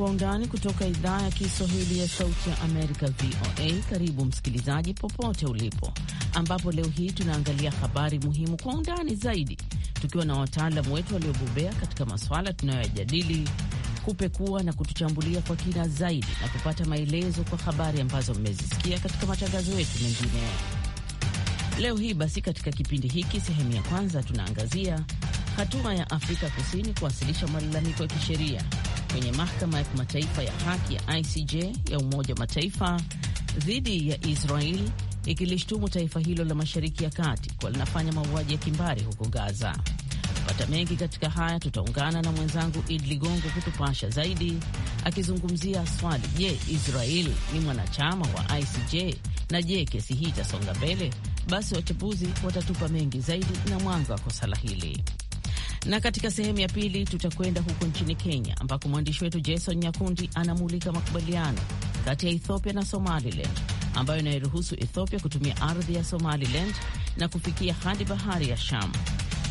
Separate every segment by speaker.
Speaker 1: Kwa Undani kutoka idhaa ya Kiswahili ya Sauti ya Amerika, VOA. Karibu msikilizaji, popote ulipo, ambapo leo hii tunaangalia habari muhimu kwa undani zaidi, tukiwa na wataalamu wetu waliobobea katika masuala tunayoyajadili kupekua na kutuchambulia kwa kina zaidi na kupata maelezo kwa habari ambazo mmezisikia katika matangazo yetu mengine leo hii. Basi katika kipindi hiki, sehemu ya kwanza, tunaangazia hatua ya Afrika Kusini kuwasilisha malalamiko ya kisheria kwenye mahakama ya kimataifa ya haki ya ICJ ya Umoja wa Mataifa dhidi ya israel ikilishtumu taifa hilo la Mashariki ya Kati kuwa linafanya mauaji ya kimbari huko Gaza. Kupata mengi katika haya, tutaungana na mwenzangu Id Ligongo kutupasha zaidi, akizungumzia swali: je, israel ni mwanachama wa ICJ na je, kesi hii itasonga mbele? Basi wachambuzi watatupa mengi zaidi na mwanga kosa la hili. Na katika sehemu ya pili tutakwenda huko nchini Kenya, ambako mwandishi wetu Jason Nyakundi anamulika makubaliano kati ya Ethiopia na Somaliland ambayo inayoruhusu Ethiopia kutumia ardhi ya Somaliland na kufikia hadi bahari ya Sham.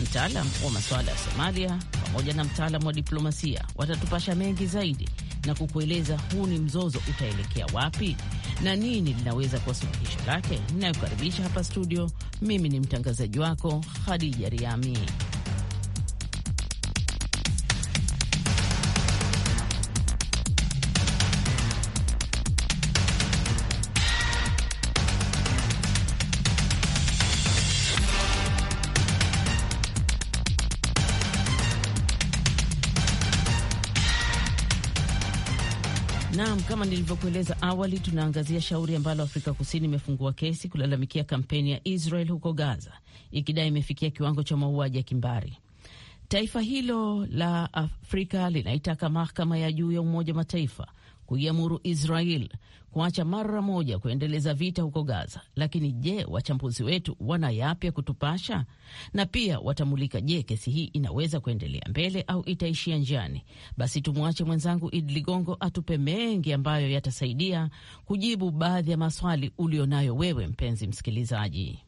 Speaker 1: Mtaalam wa masuala ya Somalia pamoja na mtaalam wa diplomasia watatupasha mengi zaidi na kukueleza huu ni mzozo utaelekea wapi na nini linaweza kuwa suluhisho lake. Ninayokaribisha hapa studio, mimi ni mtangazaji wako Khadija Riami. Naam, kama nilivyokueleza awali, tunaangazia shauri ambalo Afrika Kusini imefungua kesi kulalamikia kampeni ya Israel huko Gaza, ikidai imefikia kiwango cha mauaji ya kimbari. Taifa hilo la Afrika linaitaka mahakama ya juu ya Umoja wa Mataifa kuiamuru Israel kuacha mara moja kuendeleza vita huko Gaza. Lakini je, wachambuzi wetu wana yapya kutupasha? Na pia watamulika, je, kesi hii inaweza kuendelea mbele au itaishia njiani? Basi tumwache mwenzangu Idi Ligongo atupe mengi ambayo yatasaidia kujibu baadhi ya maswali ulionayo wewe mpenzi msikilizaji.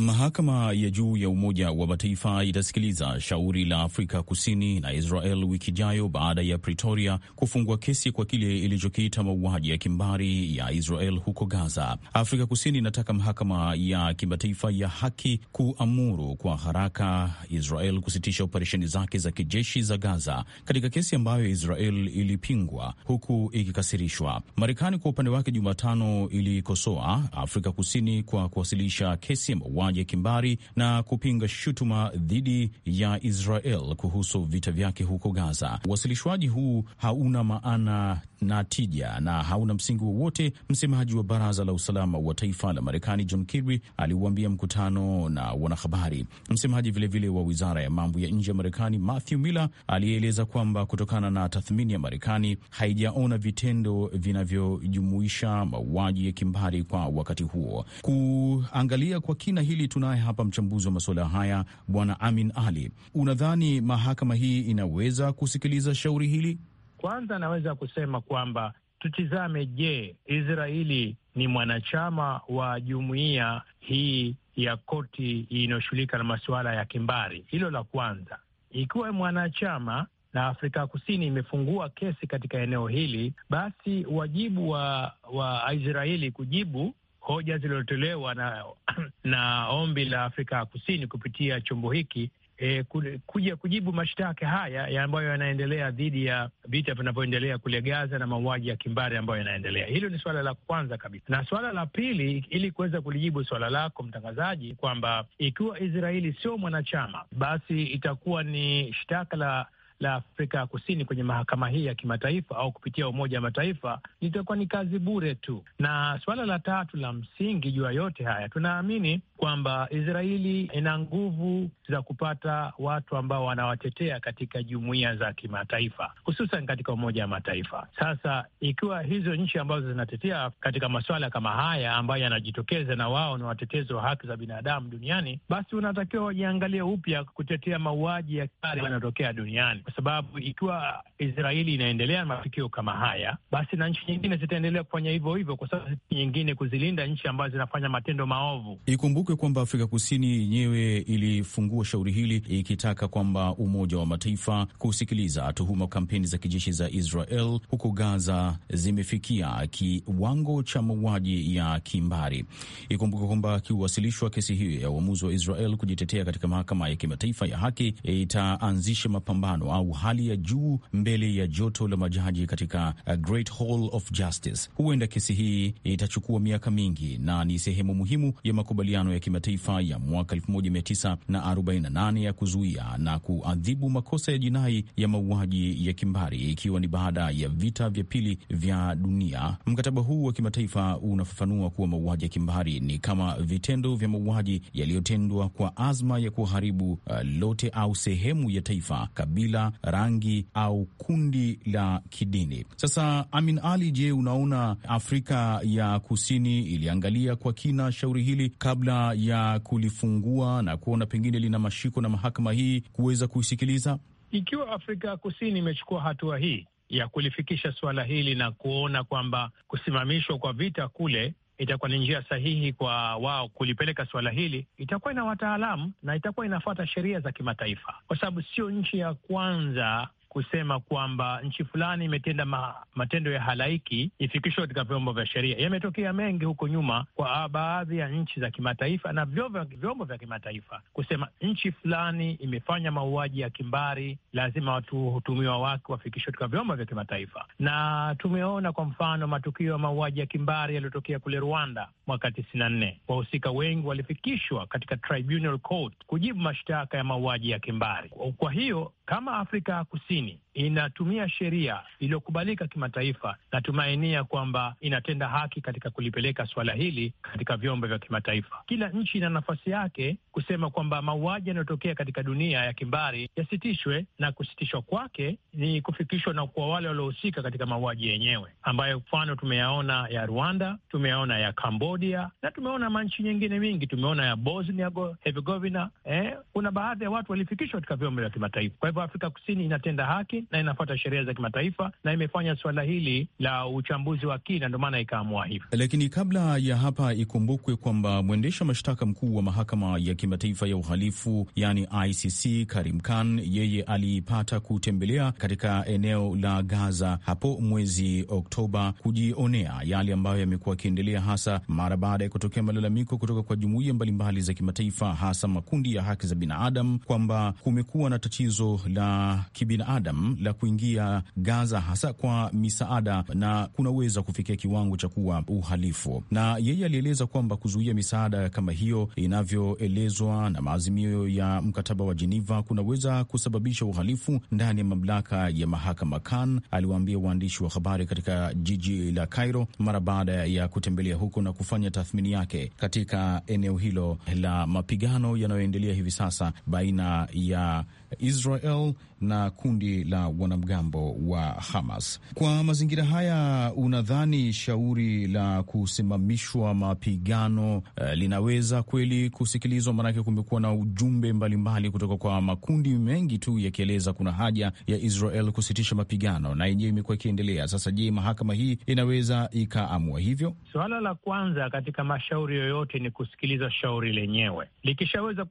Speaker 2: Mahakama ya juu ya Umoja wa Mataifa itasikiliza shauri la Afrika Kusini na Israel wiki ijayo baada ya Pretoria kufungua kesi kwa kile ilichokiita mauaji ya kimbari ya Israel huko Gaza. Afrika Kusini inataka mahakama ya kimataifa ya haki kuamuru kwa haraka Israel kusitisha operesheni zake za kijeshi za Gaza, katika kesi ambayo Israel ilipingwa huku ikikasirishwa. Marekani kwa upande wake Jumatano ilikosoa Afrika Kusini kwa kuwasilisha kesi ya mauaji mauaji ya kimbari na kupinga shutuma dhidi ya Israel kuhusu vita vyake huko Gaza. Uwasilishwaji huu hauna maana na tija na hauna msingi wowote. Msemaji wa baraza la usalama wa taifa la Marekani John Kirby aliuambia mkutano na wanahabari. Msemaji vilevile wa wizara ya mambo ya nje ya Marekani Matthew Miller alieleza kwamba kutokana na tathmini ya Marekani haijaona vitendo vinavyojumuisha mauaji ya kimbari kwa wakati huo. Kuangalia kwa kina hili pili tunaye hapa mchambuzi wa masuala haya Bwana Amin Ali. Unadhani mahakama hii inaweza
Speaker 3: kusikiliza shauri hili? Kwanza naweza kusema kwamba tutizame, je, Israeli ni mwanachama wa jumuiya hii ya koti inayoshughulika na masuala ya kimbari? Hilo la kwanza. Ikiwa mwanachama na Afrika Kusini imefungua kesi katika eneo hili, basi wajibu wa wa Israeli kujibu hoja zilizotolewa na, na ombi la Afrika ya Kusini kupitia chombo hiki E, kuja kujibu mashtaka haya ya ambayo yanaendelea dhidi ya vita vinavyoendelea kule Gaza na mauaji ya kimbari ambayo yanaendelea. Hilo ni suala la kwanza kabisa, na suala la pili, ili kuweza kulijibu suala lako mtangazaji, kwamba ikiwa Israeli sio mwanachama, basi itakuwa ni shtaka la la Afrika ya Kusini kwenye mahakama hii ya kimataifa au kupitia Umoja wa Mataifa litakuwa ni kazi bure tu. Na suala la tatu la msingi juu ya yote haya, tunaamini kwamba Israeli ina nguvu za kupata watu ambao wanawatetea katika jumuiya za kimataifa, hususan katika Umoja wa Mataifa. Sasa ikiwa hizo nchi ambazo zinatetea katika masuala kama haya ambayo yanajitokeza, na wao ni watetezi wa haki za binadamu duniani, basi unatakiwa wajiangalie upya kutetea mauaji ya kale yanayotokea duniani, kwa sababu ikiwa Israeli inaendelea na matukio kama haya, basi na nchi nyingine zitaendelea kufanya hivyo hivyo, kwa sababu nyingine kuzilinda nchi ambazo zinafanya matendo maovu.
Speaker 2: Ikumbuke Ikumbukwe kwamba Afrika Kusini yenyewe ilifungua shauri hili ikitaka kwamba Umoja wa Mataifa kusikiliza tuhuma kampeni za kijeshi za Israel huko Gaza zimefikia kiwango cha mauaji ya kimbari. Ikumbuke kwamba akiwasilishwa kesi hiyo ya uamuzi wa Israel kujitetea katika mahakama ya kimataifa ya haki itaanzisha mapambano au hali ya juu mbele ya joto la majaji katika uh, Great Hall of Justice. Huenda kesi hii itachukua miaka mingi na ni sehemu muhimu ya makubaliano ya ya kimataifa ya mwaka 1948 ya kuzuia na kuadhibu makosa ya jinai ya mauaji ya kimbari, ikiwa ni baada ya vita vya pili vya dunia. Mkataba huu wa kimataifa unafafanua kuwa mauaji ya kimbari ni kama vitendo vya mauaji yaliyotendwa kwa azma ya kuharibu uh, lote au sehemu ya taifa, kabila, rangi au kundi la kidini. Sasa Amin Ali, je, unaona Afrika ya Kusini iliangalia kwa kina shauri hili kabla ya kulifungua na kuona pengine lina mashiko na mahakama hii kuweza kuisikiliza?
Speaker 3: Ikiwa Afrika ya Kusini imechukua hatua hii ya kulifikisha suala hili na kuona kwamba kusimamishwa kwa vita kule itakuwa ni njia sahihi kwa wao kulipeleka suala hili, itakuwa ina wataalamu na itakuwa inafuata sheria za kimataifa, kwa sababu sio nchi ya kwanza kusema kwamba nchi fulani imetenda ma, matendo ya halaiki ifikishwe katika vyombo vya sheria. Yametokea mengi huko nyuma kwa baadhi ya nchi za kimataifa na vyombo, vya kimataifa kusema nchi fulani imefanya mauaji ya kimbari, lazima watuhutumiwa wake wafikishwe katika vyombo vya kimataifa. Na tumeona kwa mfano matukio ya mauaji ya kimbari yaliyotokea kule Rwanda mwaka tisini na nne, wahusika wengi walifikishwa katika Tribunal Court kujibu mashtaka ya mauaji ya kimbari. Kwa hiyo kama Afrika Kusini inatumia sheria iliyokubalika kimataifa natumainia kwamba inatenda haki katika kulipeleka suala hili katika vyombo vya kimataifa. Kila nchi ina nafasi yake kusema kwamba mauaji yanayotokea katika dunia ya kimbari yasitishwe, na kusitishwa kwake ni kufikishwa na kwa wale waliohusika katika mauaji yenyewe, ambayo mfano tumeyaona ya Rwanda, tumeyaona ya Cambodia na tumeona manchi nyingine mingi, tumeona ya Bosnia Herzegovina. Eh, kuna baadhi ya watu walifikishwa katika vyombo vya kimataifa. Kwa hivyo, Afrika Kusini inatenda haki na inafuata sheria za kimataifa na imefanya suala hili la uchambuzi wa kina, ndio maana ikaamua hivyo.
Speaker 2: Lakini kabla ya hapa, ikumbukwe kwamba mwendesha mashtaka mkuu wa mahakama ya kimataifa ya uhalifu yani ICC, Karim Khan, yeye alipata kutembelea katika eneo la Gaza hapo mwezi Oktoba kujionea yale ambayo yamekuwa yakiendelea, hasa mara baada ya kutokea malalamiko kutoka kwa jumuiya mbalimbali za kimataifa, hasa makundi ya haki za binadamu kwamba kumekuwa na tatizo la kibinadamu la kuingia Gaza, hasa kwa misaada, na kunaweza kufikia kiwango cha kuwa uhalifu. Na yeye alieleza kwamba kuzuia misaada kama hiyo inavyoelezwa na maazimio ya mkataba wa Geneva kunaweza kusababisha uhalifu ndani ya mamlaka ya mahakama. Khan aliwaambia waandishi wa habari katika jiji la Cairo mara baada ya kutembelea huko na kufanya tathmini yake katika eneo hilo la mapigano yanayoendelea hivi sasa baina ya Israel na kundi la wanamgambo wa Hamas. Kwa mazingira haya, unadhani shauri la kusimamishwa mapigano uh, linaweza kweli kusikilizwa? Maanake kumekuwa na ujumbe mbalimbali kutoka kwa makundi mengi tu yakieleza kuna haja ya Israel kusitisha mapigano, na yenyewe imekuwa ikiendelea. Sasa je, mahakama hii inaweza ikaamua hivyo?
Speaker 3: Suala la kwanza katika mashauri yoyote ni kusikiliza shauri lenyewe. Likishaweza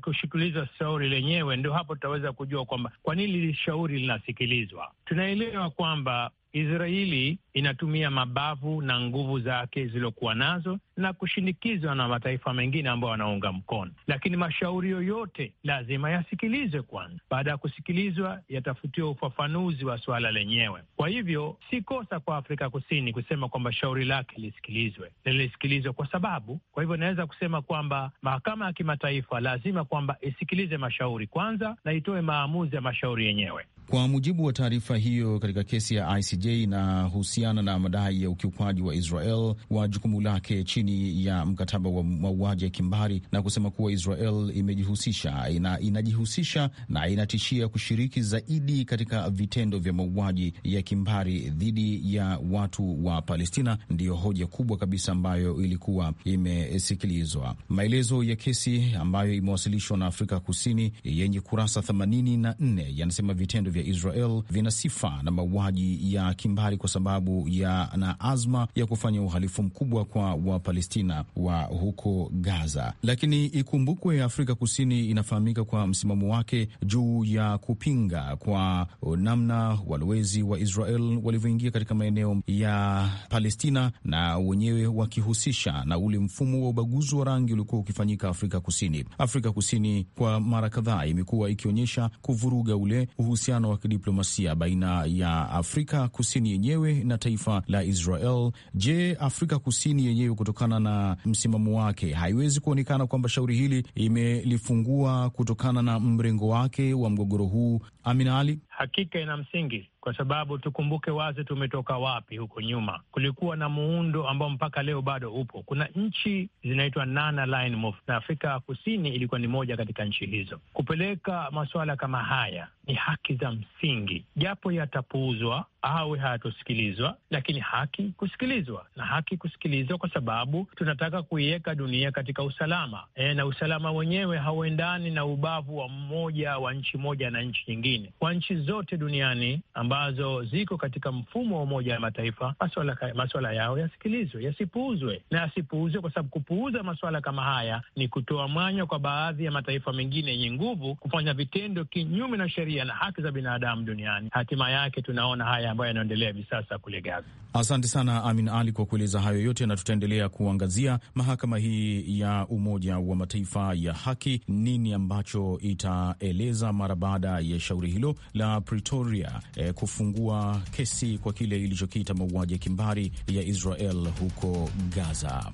Speaker 3: kusikiliza shauri lenyewe, ndio hapo tutaweza kujua kwamba kwa nini hili shauri linasikilizwa. Tunaelewa kwamba Israeli inatumia mabavu na nguvu zake zilizokuwa nazo na kushinikizwa na mataifa mengine ambayo wanaunga mkono, lakini mashauri yoyote lazima yasikilizwe kwanza. Baada ya kusikilizwa, yatafutiwa ufafanuzi wa suala lenyewe. Kwa hivyo, si kosa kwa Afrika Kusini kusema kwamba shauri lake lisikilizwe, na lilisikilizwa kwa sababu. Kwa hivyo, inaweza kusema kwamba mahakama ya kimataifa lazima kwamba isikilize mashauri kwanza na itoe maamuzi ya mashauri yenyewe.
Speaker 4: Kwa mujibu
Speaker 2: wa taarifa hiyo, katika kesi ya ICJ inahusiana na madai ya ukiukwaji wa Israel wa jukumu lake chini ya mkataba wa mauaji ya kimbari na kusema kuwa Israel imejihusisha ina, inajihusisha na inatishia kushiriki zaidi katika vitendo vya mauaji ya kimbari dhidi ya watu wa Palestina, ndiyo hoja kubwa kabisa ambayo ilikuwa imesikilizwa. Maelezo ya kesi ambayo imewasilishwa na Afrika Kusini yenye kurasa 84 yanasema vitendo vya Israel vina sifa na mauaji ya kimbari kwa sababu ya na azma ya kufanya uhalifu mkubwa kwa Wapalestina wa huko Gaza, lakini ikumbukwe ya Afrika Kusini inafahamika kwa msimamo wake juu ya kupinga kwa namna walowezi wa Israel walivyoingia katika maeneo ya Palestina na wenyewe wakihusisha na ule mfumo wa ubaguzi wa rangi uliokuwa ukifanyika Afrika Kusini. Afrika Kusini kwa mara kadhaa imekuwa ikionyesha kuvuruga ule uhusiano uhusiano wa kidiplomasia baina ya Afrika Kusini yenyewe na taifa la Israel. Je, Afrika Kusini yenyewe kutokana na msimamo wake haiwezi kuonekana kwamba shauri hili imelifungua kutokana na mrengo wake wa mgogoro huu?
Speaker 3: Amina Ali hakika ina msingi, kwa sababu tukumbuke wazi tumetoka wapi huko nyuma. Kulikuwa na muundo ambao mpaka leo bado upo. Kuna nchi zinaitwa nana line move, na Afrika Kusini ilikuwa ni moja katika nchi hizo. Kupeleka masuala kama haya ni haki za msingi, japo yatapuuzwa au hayatosikilizwa, lakini haki kusikilizwa, na haki kusikilizwa kwa sababu tunataka kuiweka dunia katika usalama e, na usalama wenyewe hauendani na ubavu wa mmoja wa nchi moja na nchi nyingine, kwa nchi zote duniani ambazo ziko katika mfumo wa Umoja wa Mataifa, maswala, maswala yao yasikilizwe, yasipuuzwe na yasipuuzwe, kwa sababu kupuuza maswala kama haya ni kutoa mwanya kwa baadhi ya mataifa mengine yenye nguvu kufanya vitendo kinyume na sheria na haki za binadamu duniani. Hatima yake tunaona haya ambayo yanaendelea hivi sasa kule Gaza.
Speaker 2: Asante sana Amin Ali kwa kueleza hayo yote, na tutaendelea kuangazia mahakama hii ya Umoja wa Mataifa ya haki, nini ambacho itaeleza mara baada ya shauri hilo la Pretoria eh, kufungua kesi kwa kile ilichokiita mauaji ya kimbari ya Israel huko Gaza.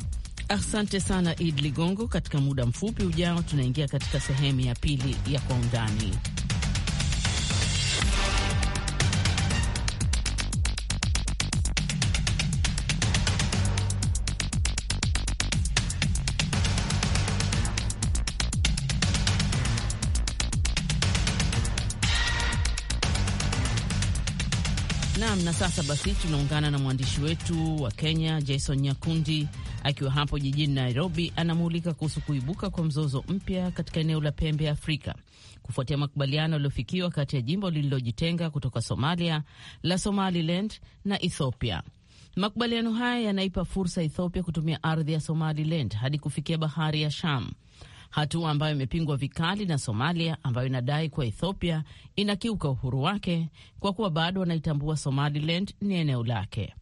Speaker 1: Asante sana Id Ligongo. Katika muda mfupi ujao, tunaingia katika sehemu ya pili ya Kwa Undani. Nam. Na sasa basi tunaungana na mwandishi wetu wa Kenya Jason Nyakundi akiwa hapo jijini Nairobi, anamuulika kuhusu kuibuka kwa mzozo mpya katika eneo la pembe ya Afrika kufuatia makubaliano yaliyofikiwa kati ya jimbo lililojitenga kutoka Somalia la Somaliland na Ethiopia. Makubaliano haya yanaipa fursa Ethiopia kutumia ardhi ya Somaliland hadi kufikia bahari ya Sham hatua ambayo imepingwa vikali na Somalia ambayo inadai kuwa Ethiopia inakiuka uhuru wake kwa kuwa bado wanaitambua Somaliland ni eneo lake.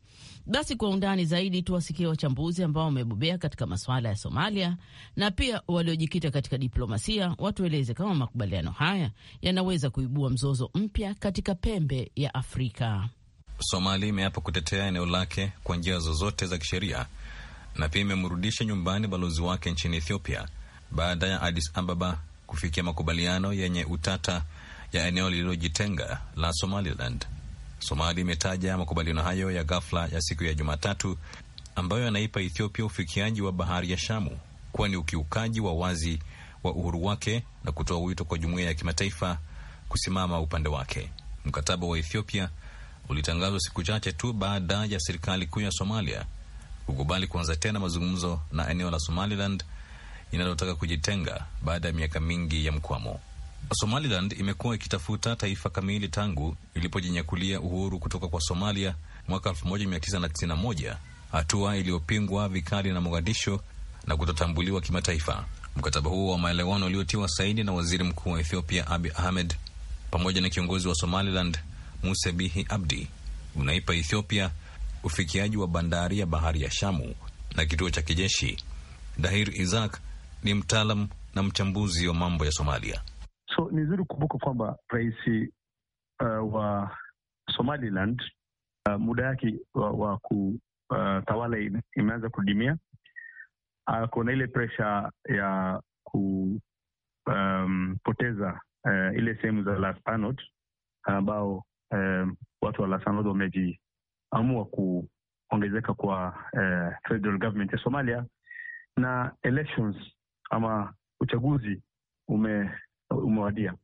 Speaker 1: Basi kwa undani zaidi tuwasikie wachambuzi ambao wamebobea katika masuala ya Somalia na pia waliojikita katika diplomasia, watueleze kama makubaliano haya yanaweza kuibua mzozo mpya katika pembe ya Afrika.
Speaker 4: Somalia imeapa kutetea eneo lake kwa njia zozote za kisheria na pia imemrudisha nyumbani balozi wake nchini Ethiopia baada ya Addis Ababa kufikia makubaliano yenye utata ya eneo lililojitenga la Somaliland. Somalia imetaja makubaliano hayo ya ghafla ya siku ya Jumatatu ambayo yanaipa Ethiopia ufikiaji wa bahari ya Shamu kuwa ni ukiukaji wa wazi wa uhuru wake na kutoa wito kwa jumuiya ya kimataifa kusimama upande wake. Mkataba wa Ethiopia ulitangazwa siku chache tu baada ya serikali kuu ya Somalia kukubali kuanza tena mazungumzo na eneo la Somaliland inalotaka kujitenga baada ya miaka mingi ya mkwamo. Somaliland imekuwa ikitafuta taifa kamili tangu ilipojinyakulia uhuru kutoka kwa Somalia mwaka 1991, hatua iliyopingwa vikali na Mogadisho na kutotambuliwa kimataifa. Mkataba huo wa maelewano uliotiwa saini na waziri mkuu wa Ethiopia abi Ahmed pamoja na kiongozi wa Somaliland Muse Bihi Abdi unaipa Ethiopia ufikiaji wa bandari ya bahari ya Shamu na kituo cha kijeshi. Dahir Isaac ni mtaalam na mchambuzi wa mambo ya Somalia.
Speaker 5: So ni vizuri kukumbuka kwamba rais uh, wa Somaliland uh, muda yake wa, wa kutawala uh, imeanza kudimia. Ako uh, na ile presha ya kupoteza um, uh, ile sehemu za Lasanot ambao uh, um, watu wa Lasanot wamejiamua kuongezeka kwa uh, federal government ya Somalia na elections ama uchaguzi ume, umewadia.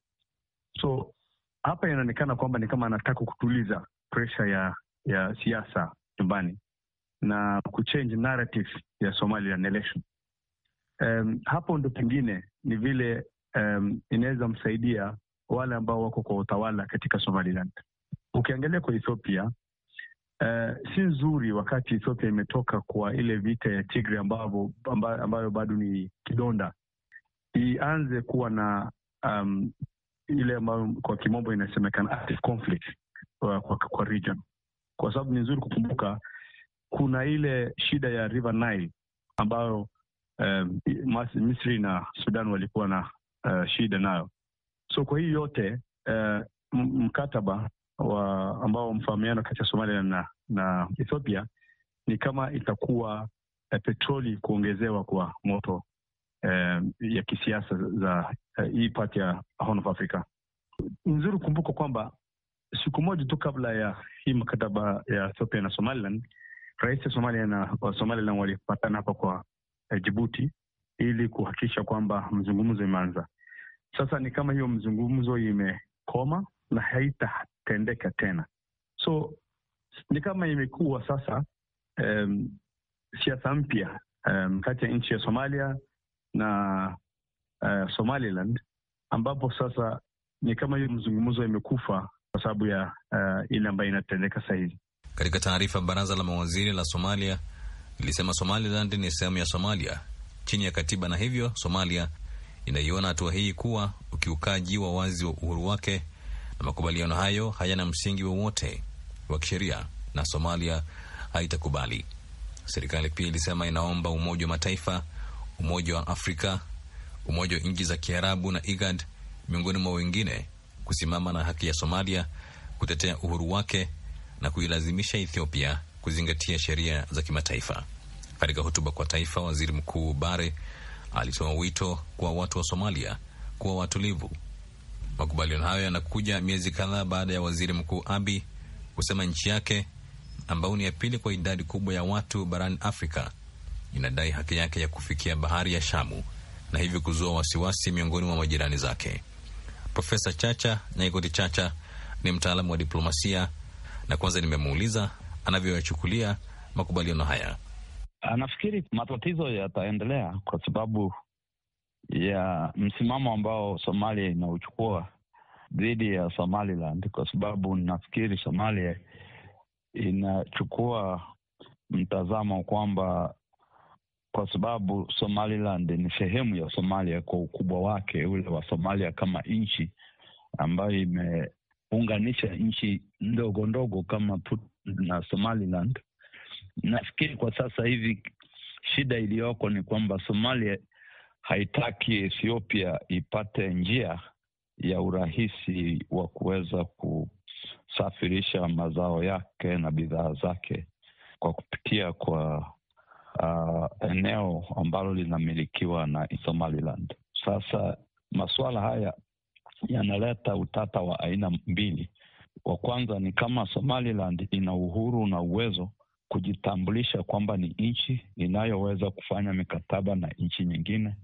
Speaker 5: So hapa inaonekana kwamba ni kama anataka kutuliza presha ya ya siasa nyumbani na kuchange narrative ya Somaliland election. Um, hapo ndo pengine ni vile um, inaweza msaidia wale ambao wako kwa utawala katika Somaliland. Ukiangalia kwa Ethiopia uh, si nzuri wakati Ethiopia imetoka kwa ile vita ya Tigray ambayo, ambayo bado ni kidonda, ianze kuwa na um, ile ambayo kwa kimombo inasemekana active conflict kwa, uh, kwa, kwa region, kwa sababu ni nzuri kukumbuka kuna ile shida ya River Nile ambayo um, Misri na Sudan walikuwa na uh, shida nayo. So kwa hii yote uh, mkataba wa ambao mfahamiano kati ya Somalia na, na Ethiopia ni kama itakuwa eh, petroli kuongezewa kwa moto eh, ya kisiasa za eh, hii pati ya Horn of Africa. Nzuri kumbuka kwamba siku moja tu kabla ya hii mkataba ya Ethiopia na Somaliland, rais wa Somalia na wa Somaliland walipatana hapa kwa eh, Jibuti ili kuhakikisha kwamba mzungumzo imeanza. Sasa ni kama hiyo mzungumzo imekoma na haita kutendeka tena. So ni kama imekuwa sasa um, siasa mpya um, kati ya nchi ya Somalia na uh, Somaliland ambapo sasa ni kama hiyo mzungumzo imekufa kwa sababu ya uh, ile ambayo inatendeka sahizi
Speaker 4: Katika taarifa, baraza la mawaziri la Somalia lilisema Somaliland ni sehemu ya Somalia chini ya katiba, na hivyo Somalia inaiona hatua hii kuwa ukiukaji wa wazi wa uhuru wake Makubaliano hayo hayana msingi wowote wa kisheria na Somalia haitakubali. Serikali pia ilisema inaomba Umoja wa Mataifa, Umoja wa Afrika, Umoja wa Nchi za Kiarabu na IGAD miongoni mwa wengine kusimama na haki ya Somalia kutetea uhuru wake na kuilazimisha Ethiopia kuzingatia sheria za kimataifa. Katika hotuba kwa taifa, waziri mkuu Bare alitoa wito kwa watu wa Somalia kuwa watulivu Makubaliano hayo yanakuja miezi kadhaa baada ya waziri mkuu abi kusema nchi yake ambayo ni ya pili kwa idadi kubwa ya watu barani Afrika inadai haki yake ya kufikia bahari ya Shamu na hivyo kuzua wasiwasi miongoni mwa majirani zake. Profesa Chacha nyaikoti Chacha ni mtaalamu wa diplomasia na kwanza nimemuuliza anavyoyachukulia makubaliano haya.
Speaker 6: Nafikiri matatizo yataendelea kwa sababu ya msimamo ambao Somalia inauchukua dhidi ya Somaliland, kwa sababu nafikiri Somalia inachukua mtazamo kwamba kwa sababu Somaliland ni sehemu ya Somalia kwa ukubwa wake ule wa Somalia kama nchi ambayo imeunganisha nchi ndogo ndogo kama Puntland na Somaliland. Nafikiri kwa sasa hivi shida iliyoko ni kwamba Somalia haitaki Ethiopia ipate njia ya urahisi wa kuweza kusafirisha mazao yake na bidhaa zake kwa kupitia kwa uh, eneo ambalo linamilikiwa na Somaliland. Sasa masuala haya yanaleta utata wa aina mbili. Wa kwanza ni kama Somaliland ina uhuru na uwezo kujitambulisha kwamba ni nchi inayoweza kufanya mikataba na nchi nyingine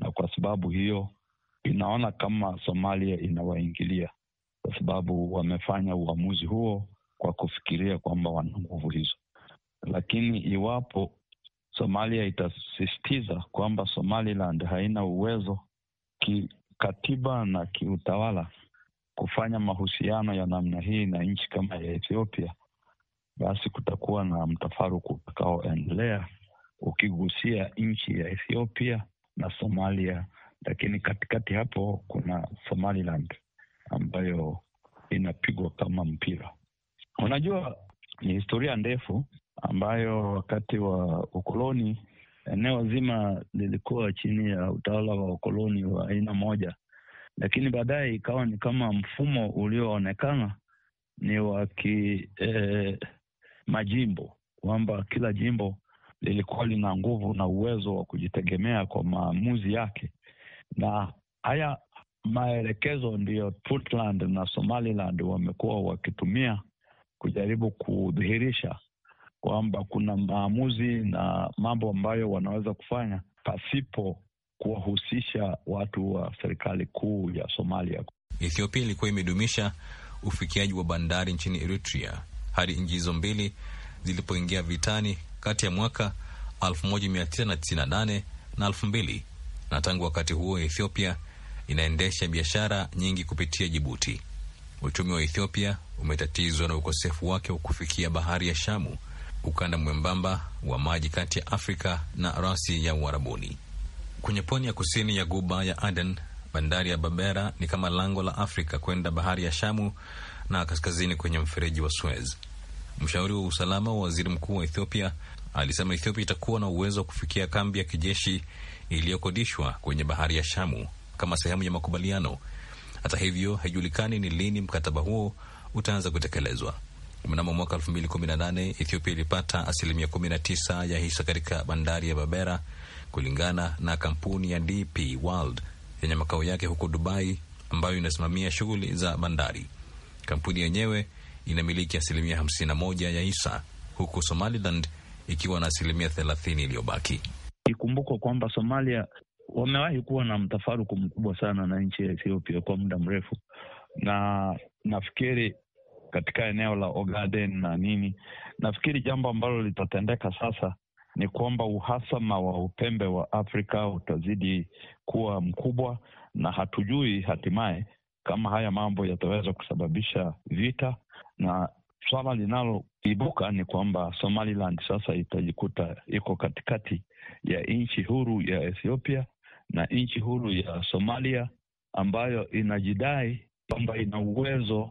Speaker 6: na kwa sababu hiyo inaona kama Somalia inawaingilia kwa sababu wamefanya uamuzi huo kwa kufikiria kwamba wana nguvu hizo. Lakini iwapo Somalia itasisitiza kwamba Somaliland haina uwezo kikatiba na kiutawala kufanya mahusiano ya namna hii na nchi kama ya Ethiopia, basi kutakuwa na mtafaruku utakaoendelea ukigusia nchi ya Ethiopia na Somalia, lakini katikati hapo kuna Somaliland ambayo inapigwa kama mpira. Unajua, ni historia ndefu ambayo wakati wa ukoloni eneo zima lilikuwa chini ya utawala wa ukoloni wa aina moja, lakini baadaye ikawa ni kama mfumo ulioonekana ni wa ki eh, majimbo kwamba kila jimbo lilikuwa lina nguvu na uwezo wa kujitegemea kwa maamuzi yake, na haya maelekezo ndiyo Puntland na Somaliland wamekuwa wakitumia kujaribu kudhihirisha kwamba kuna maamuzi na mambo ambayo wanaweza kufanya pasipo kuwahusisha watu wa
Speaker 4: serikali kuu ya Somalia. Ethiopia ilikuwa imedumisha ufikiaji wa bandari nchini Eritrea hadi nchi hizo mbili zilipoingia vitani kati ya mwaka 1998 na 2000 na tangu wakati huo Ethiopia inaendesha biashara nyingi kupitia Jibuti. Uchumi wa Ethiopia umetatizwa na ukosefu wake wa kufikia bahari ya Shamu, ukanda mwembamba wa maji kati ya Afrika na rasi ya Uarabuni. Kwenye pwani ya kusini ya guba ya Aden, bandari ya Berbera ni kama lango la Afrika kwenda bahari ya Shamu, na kaskazini kwenye mfereji wa Suez. Mshauri wa usalama wa waziri mkuu wa Ethiopia alisema Ethiopia itakuwa na uwezo wa kufikia kambi ya kijeshi iliyokodishwa kwenye bahari ya Shamu kama sehemu ya makubaliano. Hata hivyo, haijulikani ni lini mkataba huo utaanza kutekelezwa. Mnamo mwaka 2018 Ethiopia ilipata asilimia 19 ya hisa katika bandari ya Berbera kulingana na kampuni ya DP World yenye makao yake huko Dubai, ambayo inasimamia shughuli za bandari. Kampuni yenyewe inamiliki asilimia 51 ya hisa huku Somaliland ikiwa na asilimia 30 iliyobaki.
Speaker 6: Ikumbukwa kwamba Somalia wamewahi kuwa na mtafaruku mkubwa sana na nchi ya Ethiopia kwa muda mrefu, na nafikiri katika eneo la Ogaden na nini, nafikiri jambo ambalo litatendeka sasa ni kwamba uhasama wa upembe wa Afrika utazidi kuwa mkubwa, na hatujui hatimaye kama haya mambo yataweza kusababisha vita na swala linaloibuka ni kwamba Somaliland sasa itajikuta iko katikati ya nchi huru ya Ethiopia na nchi huru ya Somalia ambayo inajidai kwamba ina uwezo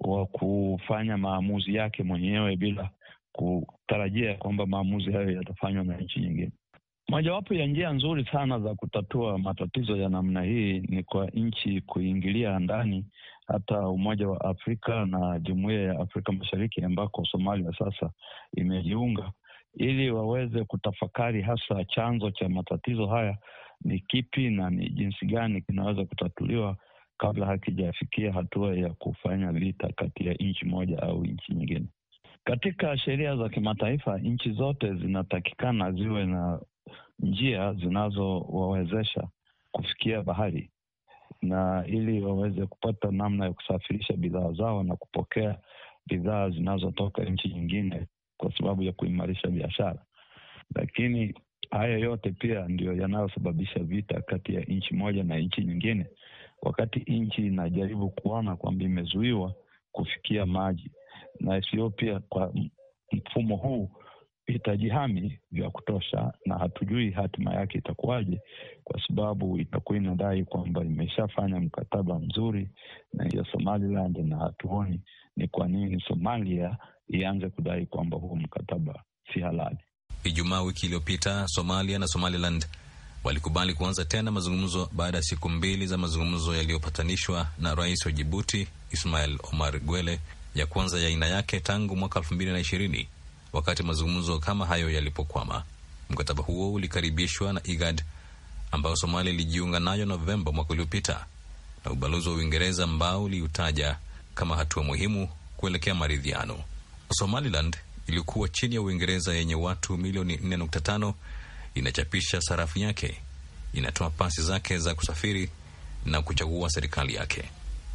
Speaker 6: wa kufanya maamuzi yake mwenyewe bila kutarajia kwamba maamuzi hayo yatafanywa na nchi nyingine. Mojawapo ya njia nzuri sana za kutatua matatizo ya namna hii ni kwa nchi kuingilia ndani hata Umoja wa Afrika na Jumuiya ya Afrika Mashariki ambako Somalia sasa imejiunga, ili waweze kutafakari hasa chanzo cha matatizo haya ni kipi na ni jinsi gani kinaweza kutatuliwa kabla hakijafikia hatua ya kufanya vita kati ya nchi moja au nchi nyingine. Katika sheria za kimataifa, nchi zote zinatakikana ziwe na njia zinazowawezesha kufikia bahari na ili waweze kupata namna ya kusafirisha bidhaa zao na kupokea bidhaa zinazotoka nchi nyingine kwa sababu ya kuimarisha biashara. Lakini haya yote pia ndio yanayosababisha vita kati ya nchi moja na nchi nyingine, wakati nchi inajaribu kuona kwamba imezuiwa kufikia maji. Na Ethiopia kwa mfumo huu hitaji hami vya kutosha, na hatujui hatima yake itakuwaje, kwa sababu itakuwa inadai kwamba imeshafanya mkataba mzuri na hiyo Somaliland, na hatuoni ni kwa nini Somalia ianze kudai kwamba huu mkataba si halali.
Speaker 4: Ijumaa wiki iliyopita Somalia na Somaliland walikubali kuanza tena mazungumzo baada ya siku mbili za mazungumzo yaliyopatanishwa na rais wa Jibuti Ismail Omar Gwele ya kwanza ya aina yake tangu mwaka elfu mbili na ishirini wakati mazungumzo kama hayo yalipokwama. Mkataba huo ulikaribishwa na IGAD ambayo Somalia ilijiunga nayo Novemba mwaka uliopita na ubalozi wa Uingereza ambao uliutaja kama hatua muhimu kuelekea maridhiano. Somaliland iliyokuwa chini ya Uingereza yenye watu milioni 4.5 inachapisha sarafu yake, inatoa pasi zake za kusafiri na kuchagua serikali yake.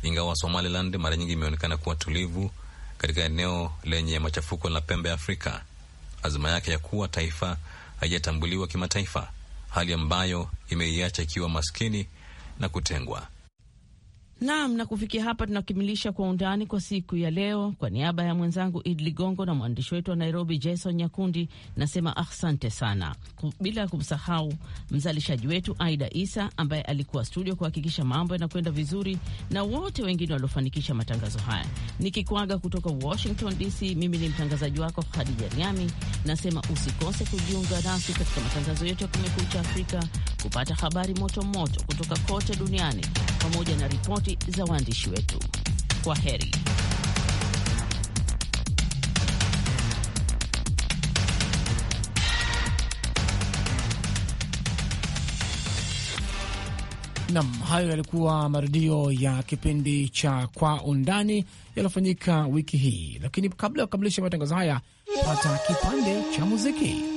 Speaker 4: Ingawa Somaliland mara nyingi imeonekana kuwa tulivu katika eneo lenye machafuko la pembe ya Afrika, azma yake ya kuwa taifa haijatambuliwa kimataifa, hali ambayo imeiacha ikiwa maskini na kutengwa.
Speaker 1: Naam, na kufikia hapa tunakimilisha Kwa Undani kwa siku ya leo. Kwa niaba ya mwenzangu id Ligongo na mwandishi wetu wa Nairobi Jason Nyakundi, nasema asante sana, bila kumsahau mzalishaji wetu Aida Isa ambaye alikuwa studio kuhakikisha mambo yanakwenda vizuri, na wote wengine waliofanikisha matangazo haya. Nikikwaga kutoka Washington DC, mimi ni mtangazaji wako Khadija Riami, nasema usikose kujiunga nasi katika matangazo yetu ya Kumekucha Afrika kupata habari moto moto kutoka kote duniani pamoja na ripoti za waandishi wetu. Kwa heri.
Speaker 7: Nam, hayo
Speaker 3: yalikuwa marudio ya kipindi cha Kwa Undani yaliyofanyika wiki hii, lakini kabla ya kukamilisha matangazo haya, pata kipande cha muziki.